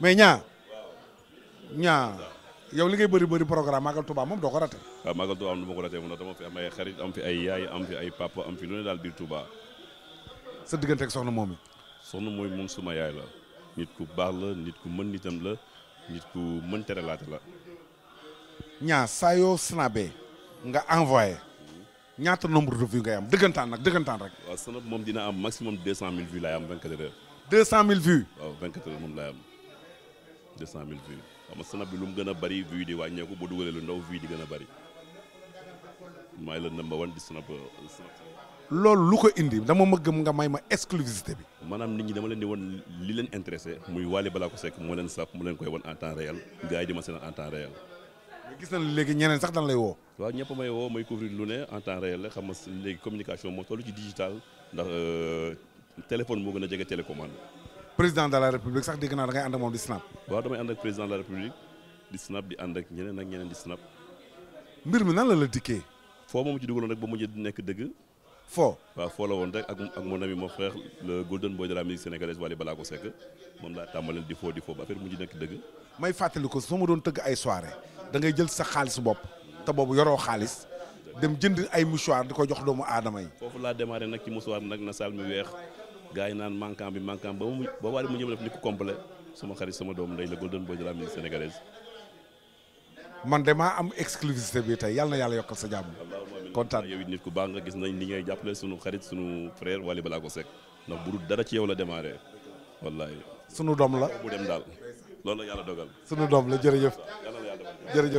mais ñaa ñaa yaw li ngay bëri bëri programme Magal Touba moom doo ko raté waaw ah, Magal Touba am du ma ko raté am fi ay am fi ay papa am fi lu daal biir Touba sa diggante ak soxna moom yi soxna mooy moom suma yaay la nit ku baax la nit ku mën nitam la nit ku mën laa laate la ñaa saa yoo snabee nga envoyé ñaata nombre de vues ngay am dëggantaan nag dëggantaan rek waaw snap moom dina am maximum deux cent mille vues deux cent mille vues. waaw vingt quatre heures moom laay am deux cent mille vues xam bi lu mu gën a bari vues di wàññeeku bu dugalee lu ndaw vues di gën a bëri maay la number one di snap euh, loolu lu ko indi dama mëgg nga may ma exclusivité bi. maanaam nit ñi dama leen di won li leen intéressé muy Wally ko Seck moo leen sap mu leen koy won en temps réel gars yi di ma seen en temps réel. mais gis nañu léegi ñeneen sax dañ lay woo. waaw ñëpp may woo may couvrir lu ne en temps réel la xam nga léegi communication moo toll téléphone moo gën a jege télécommande. président de la république sax dégg naa da ngay ànd ak moom di snap. waaw damay ànd ak président de la république di snap di ànd ak ñeneen ak ñeneen di snap. mbir mi nan la la dikkee. foo moom ci dugaloon rek ba mujj nekk dëgg. foo waaw la woon rek ak ak mon ami mon frère le golden boy de la musique sénégalaise Wally Ballago Seck moom laa tàmbaleel di foo di foo ba affaire mujj nekk dëgg. may fàttali ko soo ma doon tëgg ay soirée da jël sa xaalis bopp te boobu yoroo xaalis. dem jënd ay mouchoir di ko jox doomu aadama yi. foofu laa démarré nag ci mouchoir nag na saal mi weex. gars yi naan manquant bi manquant ba mu ba Wally mu ñëw def ni ku complet sama xarit sama doom ndey la golden boy de la musique sénégalaise. man de maa am exclusivité bi tey yal na yàlla yokkal sa jàmm. kontaan yow it nit ku baax nga gis nañ ni ngay jàppale sunu xarit sunu frère Wally Ballago Seck ndax bu dul dara ci yow la démarré wallahi sunu doom la mu dem daal loolu la yàlla dogal. sunu doom la jërëjëf. jërëjëf.